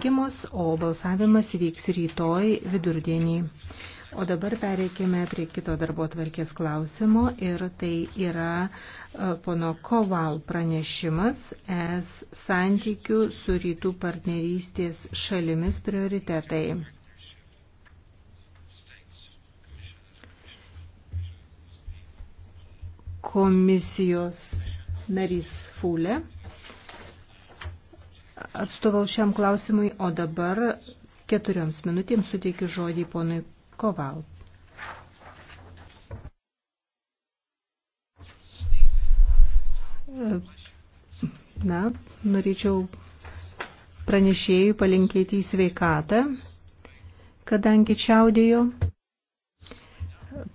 rinkimus, o balsavimas vyks rytoj vidurdienį. O dabar pereikime prie kito darbo tvarkės klausimo ir tai yra e, pono Koval pranešimas es santykių su rytų partnerystės šalimis prioritetai. Komisijos narys Fulė atstovau šiam klausimui, o dabar keturioms minutėms suteikiu žodį ponui Koval. Na, norėčiau pranešėjui palinkėti į sveikatą, kadangi čiaudėjo.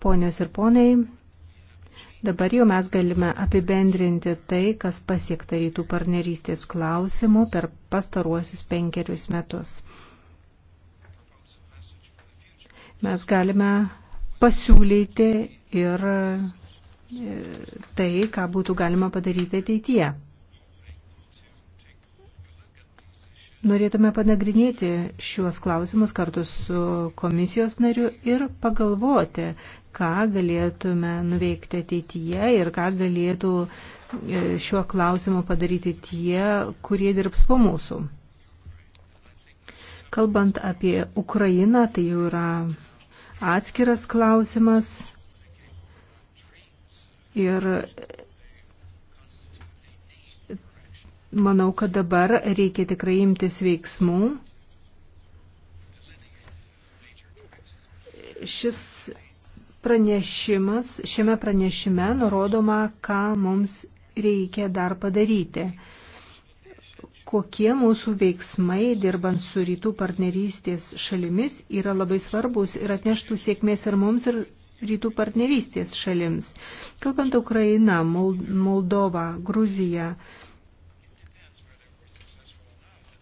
Ponios ir ponai, Dabar jau mes galime apibendrinti tai, kas pasiekta rytų partnerystės klausimų per pastaruosius penkerius metus. Mes galime pasiūlyti ir e, tai, ką būtų galima padaryti ateityje. Norėtume panagrinėti šiuos klausimus kartu su komisijos nariu ir pagalvoti, ką galėtume nuveikti ateityje ir ką galėtų e, šiuo klausimu padaryti tie, kurie dirbs po mūsų. Kalbant apie Ukrainą, tai jau yra atskiras klausimas ir manau, kad dabar reikia tikrai imtis veiksmų. Šis pranešimas, šiame pranešime nurodoma, ką mums reikia dar padaryti. Kokie mūsų veiksmai, dirbant su rytų partnerystės šalimis, yra labai svarbus ir atneštų sėkmės ir mums, ir rytų partnerystės šalims. Kalbant Ukraina, Moldova, Gruzija,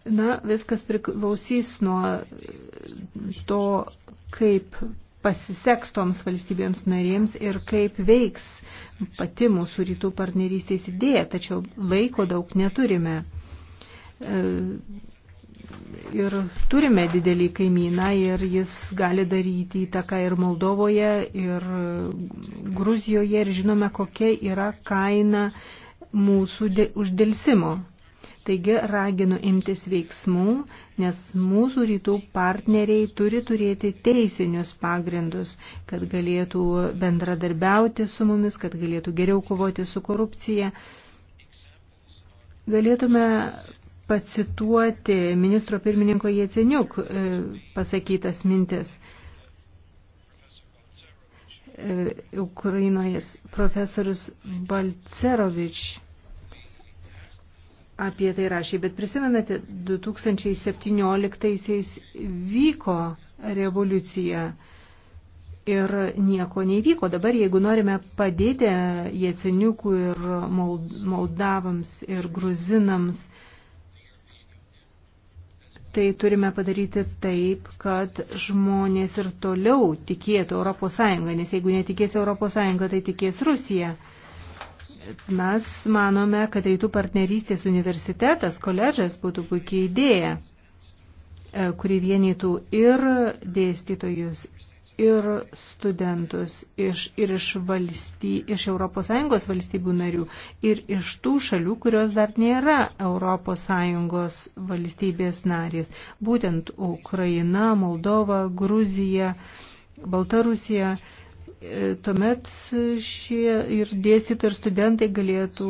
Na, viskas priklausys nuo to, kaip pasiseks toms valstybėms narėms ir kaip veiks pati mūsų rytų partnerystės idėja, tačiau laiko daug neturime. E, ir turime didelį kaimyną ir jis gali daryti įtaką ir Moldovoje, ir Gruzijoje ir žinome, kokia yra kaina mūsų uždėlsimo. Taigi raginu imtis veiksmų, nes mūsų rytų partneriai turi turėti teisinius pagrindus, kad galėtų bendradarbiauti su mumis, kad galėtų geriau kovoti su korupcija. Galėtume pacituoti ministro pirmininko Jėceniuk e, pasakytas mintis. E, Ukrainoje profesorius Balcerovič apie tai rašė, bet prisimenate, 2017-aisiais vyko revoliucija ir nieko nevyko. Dabar, jeigu norime padėti Jeceniukų ir Moldavams ir Gruzinams, tai turime padaryti taip, kad žmonės ir toliau tikėtų ES, nes jeigu netikės ES, tai tikės Rusija. Mes manome, kad rytų partnerystės universitetas, koledžas būtų puikiai idėja, e, kuri vienytų ir dėstytojus, ir studentus iš, ir iš, valsty, iš ES valstybių narių, ir iš tų šalių, kurios dar nėra ES valstybės narės. Būtent Ukraina, Moldova, Gruzija, Baltarusija. E, tuomet šie ir dėstytojai, ir studentai galėtų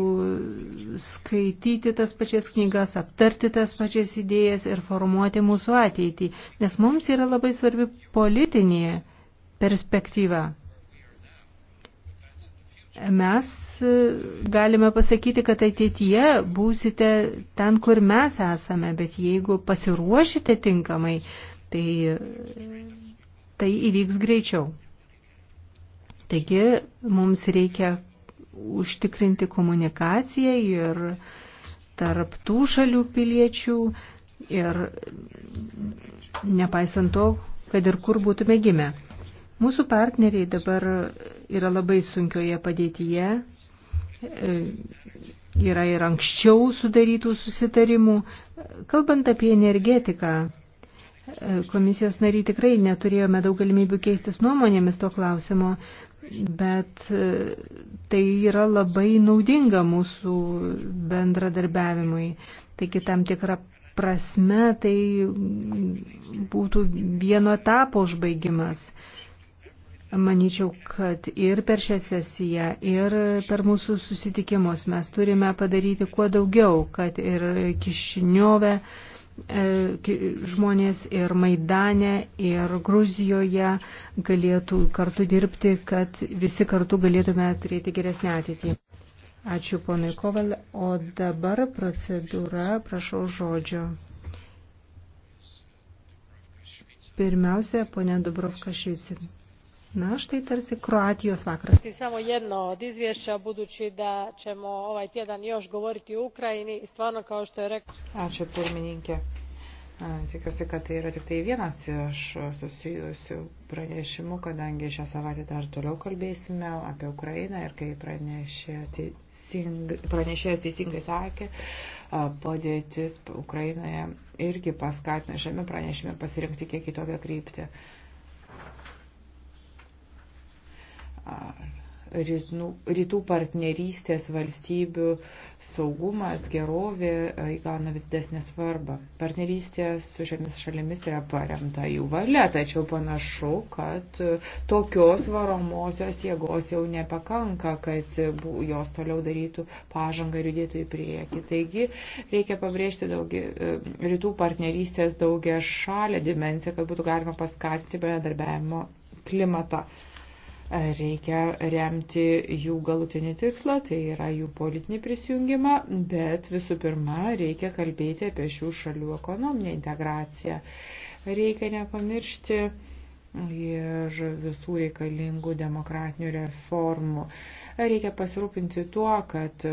skaityti tas pačias knygas, aptarti tas pačias idėjas ir formuoti mūsų ateitį, nes mums yra labai svarbi politinė perspektyva. Mes e, galime pasakyti, kad ateityje būsite ten, kur mes esame, bet jeigu pasiruošite tinkamai, tai e, tai įvyks greičiau. Taigi mums reikia užtikrinti komunikaciją ir tarp tų šalių piliečių ir nepaisant to, kad ir kur būtume gimę. Mūsų partneriai dabar yra labai sunkioje padėtyje, e, yra ir anksčiau sudarytų susitarimų. Kalbant apie energetiką, e, komisijos nariai tikrai neturėjome daug galimybių keistis nuomonėmis to klausimo, bet e, tai yra labai naudinga mūsų bendradarbiavimui. Taigi tam tikra prasme tai būtų vieno etapo užbaigimas. Maničiau, kad ir per šią sesiją, ir per mūsų susitikimus mes turime padaryti kuo daugiau, kad ir kišiniove, E, žmonės ir Maidane, ir Gruzijoje galėtų kartu dirbti, kad visi kartu galėtume turėti geresnę ateitį. Ačiū ponui Koval, o dabar procedūra, prašau žodžio. Pirmiausia, ponė Dubrovka Švicin. Na, štai tarsi Kroatijos vakaras. Samo jedno od izvješća, budući da ćemo ovaj tjedan još govoriti o Ukrajini i stvarno kao što je rekao... Ačiū pirmininkė. Tikiuosi, kad tai yra tik tai vienas iš susijusių pranešimų, kadangi šią savaitę dar toliau kalbėsime apie Ukrainą ir kai pranešė pranešėjas teisingai sakė, padėtis Ukrainoje irgi paskatino šiame pranešime pasirinkti kiek kitokią kryptį. rytų partnerystės valstybių saugumas, gerovė e, įgauna vis desnę svarbą. Partnerystė su šiomis šalimis yra paremta jų valia, tačiau panašu, kad e, tokios varomosios jėgos jau nepakanka, kad e, jos toliau darytų pažangą ir judėtų į priekį. Taigi reikia pabrėžti daugi, rytų partnerystės daugia šalę dimenciją, kad būtų galima paskatinti bendradarbiavimo klimatą. Reikia remti jų galutinį tikslą, tai yra jų politinį prisijungimą, bet visų pirma reikia kalbėti apie šių šalių ekonominę integraciją. Reikia nepamiršti ir visų reikalingų demokratinių reformų. Reikia pasirūpinti tuo, kad,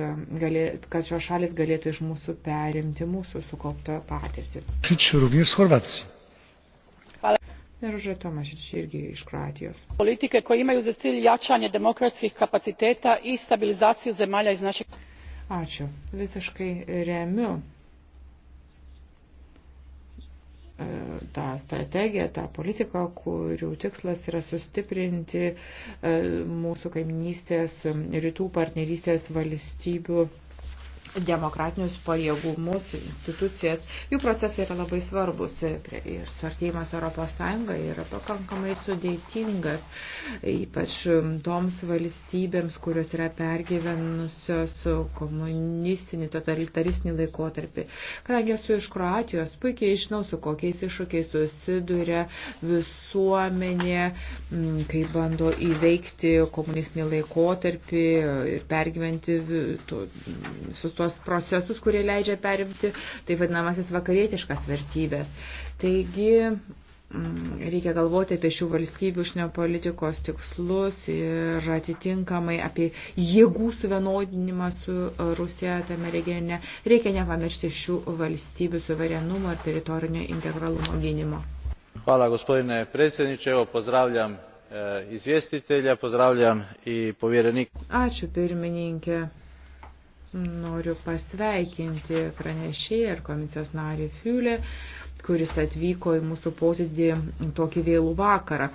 galėt, kad šios šalis galėtų iš mūsų perimti mūsų sukauptą patirtį. Šičiu, również Horvacija. Ruža Tomašić irgi iš Kroatijos. Politike koje imaju za cilj jačanje demokratskih kapaciteta i stabilizaciju zemalja iz našeg... Ačiū. Visiškai remiu e, tą strategiją, tą politiką, kurių tikslas yra sustiprinti e, mūsų kaiminystės, rytų partnerystės valstybių demokratinius pajėgumus, institucijas. Jų procesai yra labai svarbus ir suartėjimas Europos Sąjunga yra pakankamai sudėtingas, ypač toms valstybėms, kurios yra pergyvenusios komunistinį, totalitaristinį laikotarpį. Kadangi esu iš Kroatijos, puikiai žinau, su kokiais iššūkiais susiduria visuomenė, kai bando įveikti komunistinį laikotarpį ir pergyventi su to tuos procesus, kurie leidžia perimti tai vadinamasis vakarietiškas vertybės. Taigi mm, reikia galvoti apie šių valstybių užsienio politikos tikslus ir atitinkamai apie jėgų suvienodinimą su e, Rusija tame regione. Reikia nepamiršti šių valstybių suverenumo ir teritorinio integralumo gynimo. Hvala gospodine predsjedniče, evo pozdravljam e, izvjestitelja, pozdravljam i povjerenika. Ačiū pirmininkė. Noriu pasveikinti pranešėją ir komisijos narį Fiulę kuris atvyko į mūsų posėdį tokį vėlų vakarą.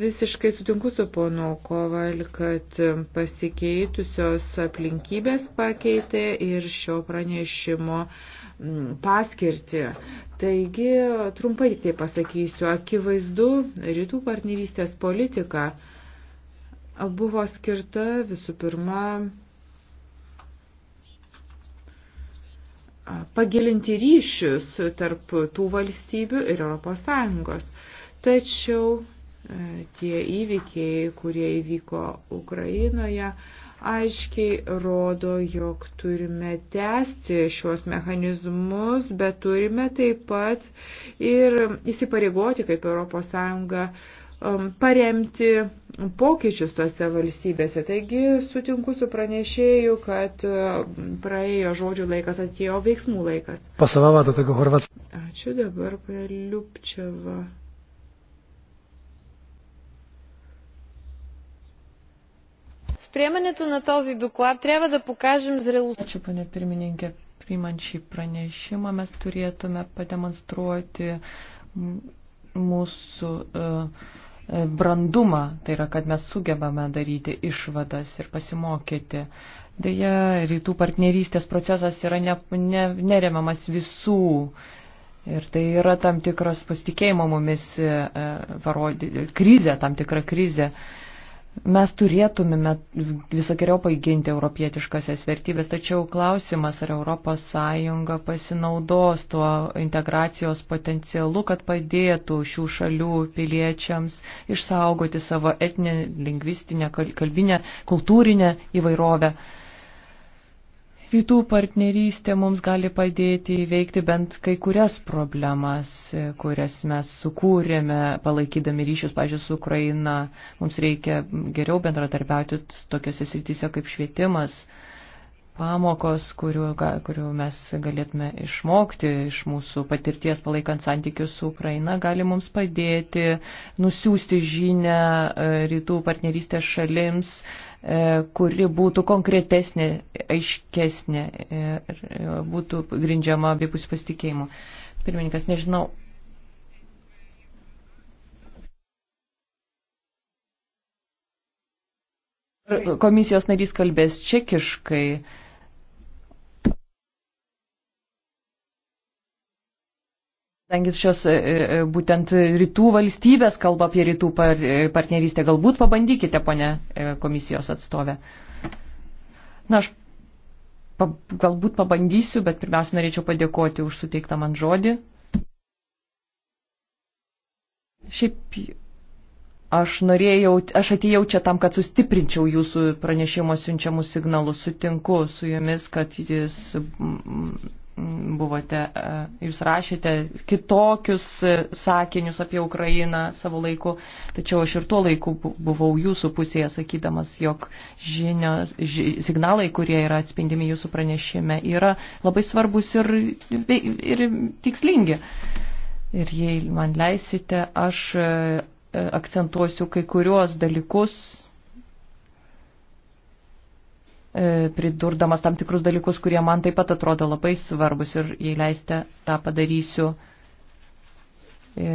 Visiškai sutinku su ponu Koval, kad pasikeitusios aplinkybės pakeitė ir šio pranešimo mm, paskirti. Taigi, trumpai tai pasakysiu, akivaizdu, rytų partnerystės politika buvo skirta visų pirma pagilinti ryšius tarp tų valstybių ir ES. Tačiau e, tie įvykiai, kurie įvyko Ukrainoje, aiškiai rodo, jog turime tęsti šios mechanizmus, bet turime taip pat ir įsipareigoti kaip ES Um, paremti pokyčius tose valstybėse. Taigi sutinku su pranešėju, kad um, praėjo žodžių laikas, atėjo veiksmų laikas. Pasavava, to tego Horvats. Ačiū dabar, Liupčiava. С приемането на този доклад трябва да покажем зрелостта. Ačiū, pane pirmininkė, priimant šį pranešimą mes turėtume pademonstruoti mūsų uh, E, brandumą, tai yra, kad mes sugebame daryti išvadas ir pasimokyti. Deja, rytų partnerystės procesas yra ne, ne, neremiamas visų. Ir tai yra tam tikras pasitikėjimo mumis e, parodė, e, krizė, tam tikra krizė. E, Mes turėtumėme visokiojo paiginti europietiškasias vertybės, tačiau klausimas, ar ES pasinaudos tuo integracijos potencialu, kad padėtų šių šalių piliečiams išsaugoti savo etninę, lingvistinę, kalbinę, kultūrinę įvairovę. Rytų partnerystė mums gali padėti įveikti bent kai kurias problemas, kurias mes sukūrėme, palaikydami ryšius, pažiūrėjau, su Ukraina. Mums reikia geriau bendradarbiauti tokiuose srityse kaip švietimas, pamokos, kurių, kurių mes galėtume išmokti iš mūsų patirties palaikant santykius su Ukraina, gali mums padėti nusiųsti žinę e, rytų partnerystės šalims, e, kuri būtų konkretesnė, aiškesnė ir e, būtų grindžiama abipusių pasitikėjimų. Pirmininkas, nežinau. Komisijos narys kalbės čekiškai. Kadangi šios e, e, būtent rytų valstybės kalba apie rytų e, partnerystę, galbūt pabandykite, ponė komisijos atstovė. Na, aš pa, galbūt pabandysiu, bet pirmiausia norėčiau padėkoti už suteiktą man žodį. Šiaip aš norėjau, aš atėjau čia tam, kad sustiprinčiau jūsų pranešimo siunčiamus signalus. Sutinku su jumis, kad jis. Mm, buvote, e, jūs rašėte kitokius e, sakinius apie Ukrainą savo laiku, tačiau aš ir tuo laiku buvau jūsų pusėje, sakydamas, jog žinios, ži, signalai, kurie yra atspindimi jūsų pranešime, yra labai svarbus ir, ir tikslingi. Ir jei man leisite, aš e, akcentuosiu kai kuriuos dalykus E, pridurdamas tam tikrus dalykus, kurie man taip pat atrodo labai svarbus ir jei leiste, tą padarysiu e,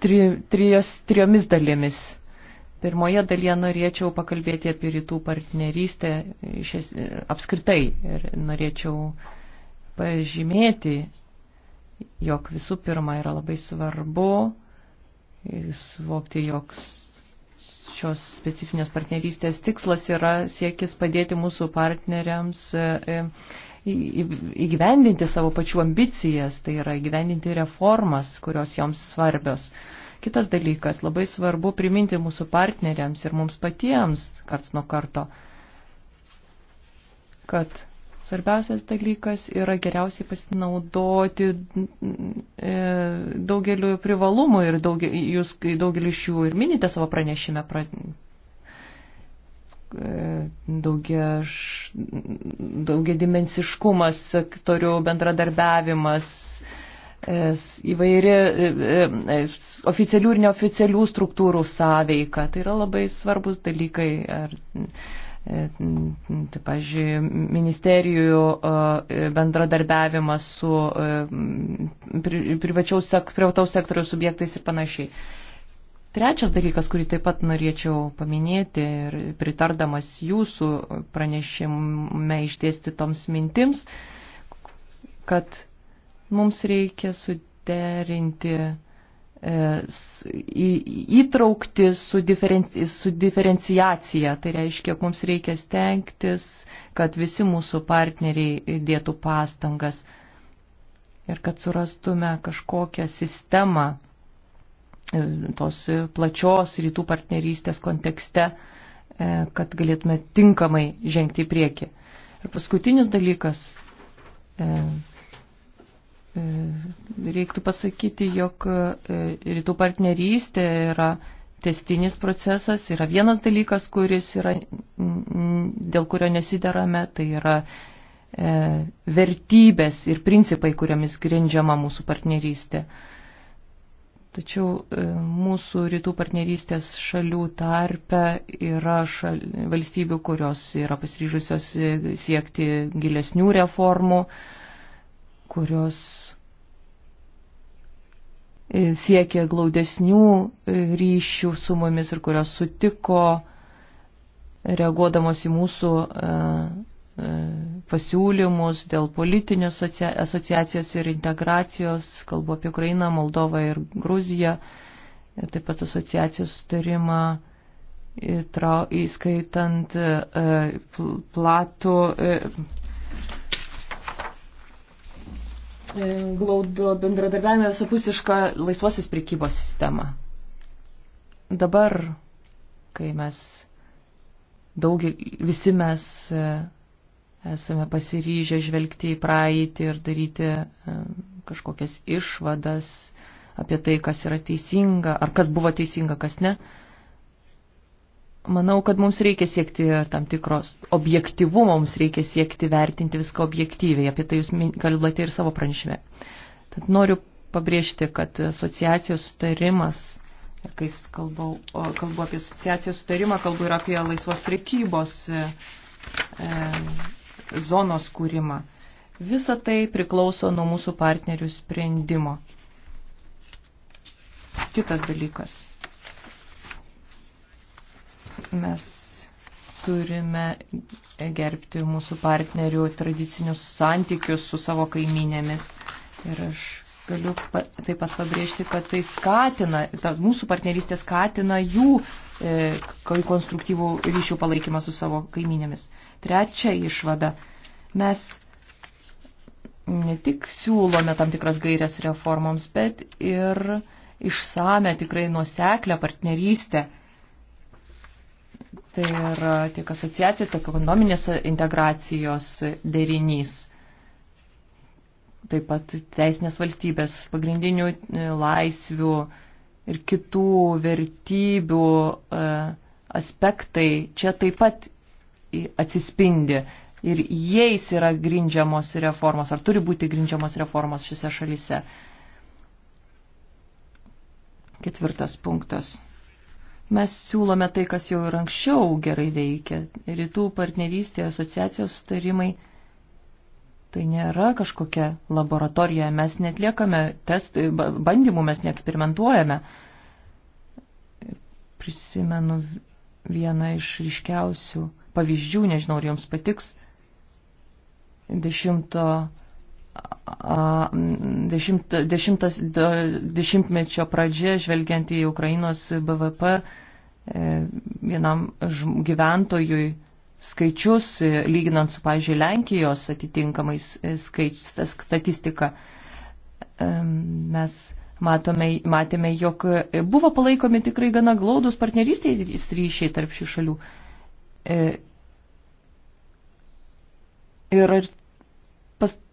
tri, trijos, trijomis dalimis. Pirmoje dalyje norėčiau pakalbėti apie rytų partnerystę es, e, apskritai ir norėčiau pažymėti, jog visų pirma yra labai svarbu suvokti, jog Šios specifinės partnerystės tikslas yra siekis padėti mūsų partneriams e, e, įgyvendinti savo pačių ambicijas, tai yra įgyvendinti reformas, kurios joms svarbios. Kitas dalykas, labai svarbu priminti mūsų partneriams ir mums patiems karts nuo karto, kad Svarbiausias dalykas yra geriausiai pasinaudoti e, daugeliu privalumų ir dauge, jūs daugelį iš jų ir minite savo pranešime. Pra, e, daugia, daugia dimensiškumas, sektorių bendradarbiavimas, e, įvairi e, oficialių ir neoficialių struktūrų sąveika. Tai yra labai svarbus dalykai. Ar, taip, pažiūrėjau, ministerijų e, bendradarbiavimas su e, privataus sektoriaus subjektais ir panašiai. Trečias dalykas, kurį taip pat norėčiau paminėti ir pritardamas jūsų pranešime išdėsti toms mintims, kad mums reikia suderinti E, įtraukti su, diferenci, su diferenciacija. Tai reiškia, mums reikia stengtis, kad visi mūsų partneriai dėtų pastangas ir kad surastume kažkokią sistemą e, tos plačios rytų partnerystės kontekste, e, kad galėtume tinkamai žengti į priekį. Ir paskutinis dalykas. E, E, reiktų pasakyti, jog e, rytų partnerystė yra testinis procesas, yra vienas dalykas, kuris yra, dėl kurio nesiderame, tai yra e, vertybės ir principai, kuriamis grindžiama mūsų partnerystė. Tačiau mūsų rytų partnerystės šalių tarpe yra šal, valstybių, kurios yra pasiryžusios siekti gilesnių reformų, kurios e, siekia glaudesnių e, ryšių su mumis ir kurios sutiko, reaguodamos į mūsų e, pasiūlymus dėl politinės asociacijos ir integracijos, kalbu apie Ukrainą, Moldovą ir Gruziją, taip pat asociacijos sutarimą, įskaitant platų E, glaudų bendradarbiavimą visapusišką laisvosios prekybos sistemą. Dabar, kai mes daugi, visi mes e, esame pasiryžę žvelgti į praeitį ir daryti e, kažkokias išvadas apie tai, kas yra teisinga, ar kas buvo teisinga, kas ne, Manau, kad mums reikia siekti tam tikros objektivumo, mums reikia siekti vertinti viską objektyviai, apie tai jūs kalbate ir savo pranešime. Tad noriu pabrėžti, kad asociacijos sutarimas, ir kai kalbu, kalbu apie asociacijos sutarimą, kalbu ir apie laisvos prekybos e, e, zonos kūrimą. Visa tai priklauso nuo mūsų partnerių sprendimo. Kitas dalykas mes turime gerbti mūsų partnerių tradicinius santykius su savo kaiminėmis. Ir aš galiu taip pat pabrėžti, kad tai skatina, ta, mūsų partnerystė skatina jų e, konstruktyvų ryšių palaikymą su savo kaiminėmis. Trečia išvada. Mes ne tik siūlome tam tikras gairias reformoms, bet ir išsame tikrai nuoseklę partnerystę Tai yra tiek asociacijos, tiek ekonominės integracijos derinys. Taip pat teisinės valstybės, pagrindinių e, laisvių ir kitų vertybių e, aspektai čia taip pat atsispindi. Ir jais yra grindžiamos reformos, ar turi būti grindžiamos reformos šiuose šalyse. Ketvirtas punktas Mes siūlome tai, kas jau ir anksčiau gerai veikia. Rytų partnerystė, asociacijos sutarimai. Tai nėra kažkokia laboratorija, mes netliekame testų, bandymų, mes neeksperimentuojame. Prisimenu vieną iš ryškiausių pavyzdžių, nežinau, ar jums patiks, dešimto dešimt, dešimtas, dešimtmečio pradžia, žvelgiant į Ukrainos BVP, e, vienam gyventojui skaičius, e, lyginant su, pažiūrėjau, Lenkijos atitinkamais e, skaičius, statistika, mes matome, matėme, jog buvo palaikomi tikrai gana glaudus partnerystės ryšiai tarp šių šalių. Ir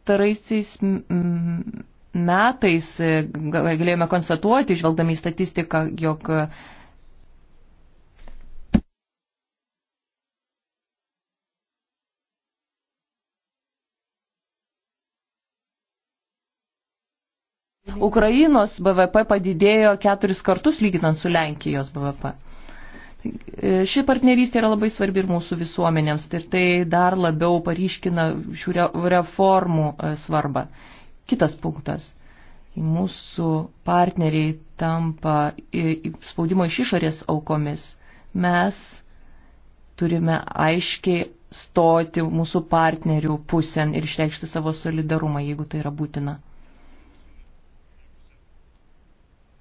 pastaraisiais metais e, galėjome konstatuoti, žvelgdami į statistiką, jog Ukrainos BVP padidėjo keturis kartus lyginant su Lenkijos BVP. E, ši partnerystė yra labai svarbi ir mūsų visuomenėms ir tai dar labiau paryškina šių reformų e, svarbą. Kitas punktas. Mūsų partneriai tampa spaudimo iš išorės aukomis. Mes turime aiškiai stoti mūsų partnerių pusėn ir išreikšti savo solidarumą, jeigu tai yra būtina.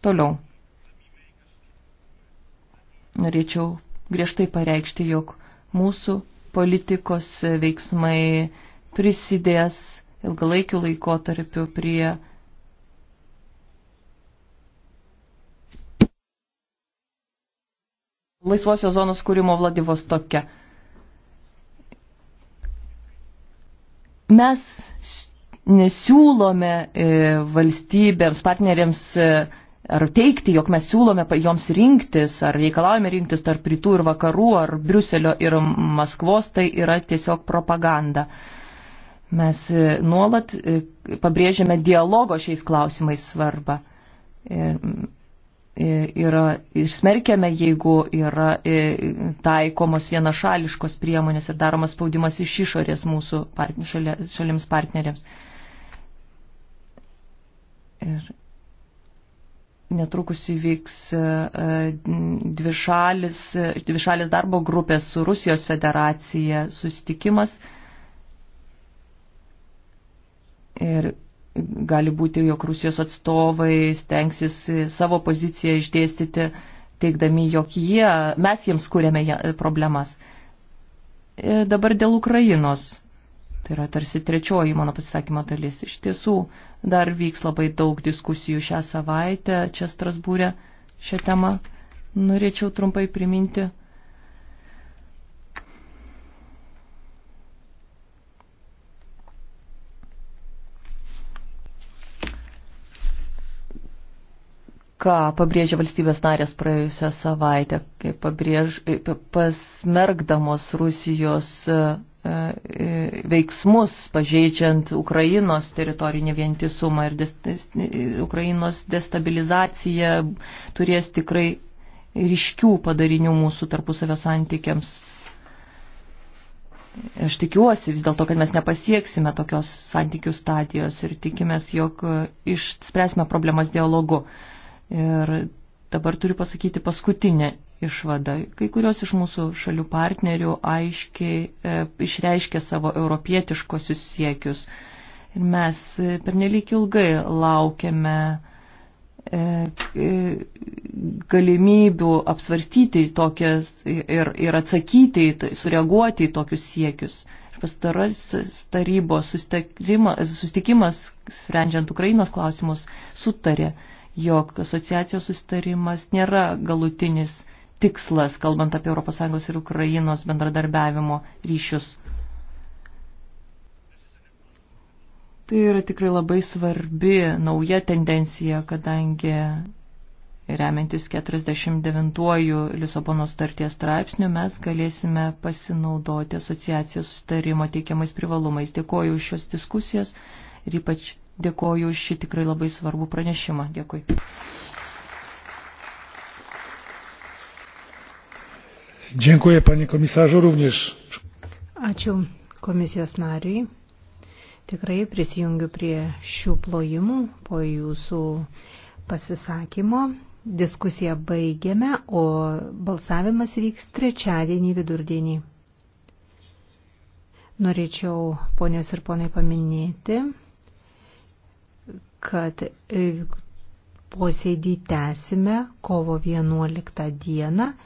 Toliau norėčiau griežtai pareikšti, jog mūsų politikos veiksmai prisidės ilgalaikiu laikotarpiu prie laisvosios zonos kūrimo Vladivostoke. Mes nesiūlome e, valstybėms, partneriams e, ar teikti, jog mes siūlome joms rinktis, ar reikalavome rinktis tarp rytų ir vakarų, ar Briuselio ir Maskvos, tai yra tiesiog propaganda. Mes e, nuolat e, pabrėžiame dialogo šiais klausimais svarbą. Ir, e, yra, ir smerkiame, jeigu yra taikomos vienašališkos priemonės ir daromas spaudimas iš išorės mūsų part, šalia, šalims partneriams. Netrukus įvyks e, e, dvišalis, dvišalis darbo grupės su Rusijos federacija susitikimas. Ir gali būti, jog Rusijos atstovai stengsis savo poziciją išdėstyti, teikdami, jog jie, mes jiems kūrėme problemas. E, dabar dėl Ukrainos Tai yra tarsi trečioji mano pasisakymo dalis. Iš tiesų, dar vyks labai daug diskusijų šią savaitę čia Strasbūrė šią temą. Norėčiau trumpai priminti. ką pabrėžė valstybės narės praėjusią savaitę, pabrėž, pasmergdamos Rusijos e, e, veiksmus, pažeidžiant Ukrainos teritorinį vientisumą ir des, des, Ukrainos destabilizacija turės tikrai ryškių padarinių mūsų tarpusavio santykiams. Aš tikiuosi vis dėlto, kad mes nepasieksime tokios santykių stadijos ir tikimės, jog išspręsime problemas dialogu. Ir dabar turiu pasakyti paskutinę išvada. Kai kurios iš mūsų šalių partnerių aiškiai e, išreiškė savo europietiškosius siekius. Ir mes e, pernelyg ilgai laukiame e, e, galimybių apsvarstyti tokias ir, ir atsakyti, tai, sureaguoti į tokius siekius. Ir pastarasis tarybos susitikimas, sprendžiant Ukrainos klausimus, sutarė, jog asociacijos susitarimas nėra galutinis tikslas, kalbant apie ES ir Ukrainos bendradarbiavimo ryšius. Tai yra tikrai labai svarbi nauja tendencija, kadangi remiantis 49-uoju Lisabono starties straipsniu mes galėsime pasinaudoti asociacijos sustarimo teikiamais privalumais. Dėkoju už šios diskusijas ir ypač dėkoju už šį tikrai labai svarbų pranešimą. Dėkui. Dziękuję panie komisarzu również. Ačiū komisijos nariui. Tikrai prisijungiu prie šių plojimų po jūsų pasisakymo. Diskusiją baigėme, o balsavimas vyks trečiadienį vidurdienį. Norėčiau ponios ir ponai paminėti, kad e, posėdį tęsime kovo 11 dieną.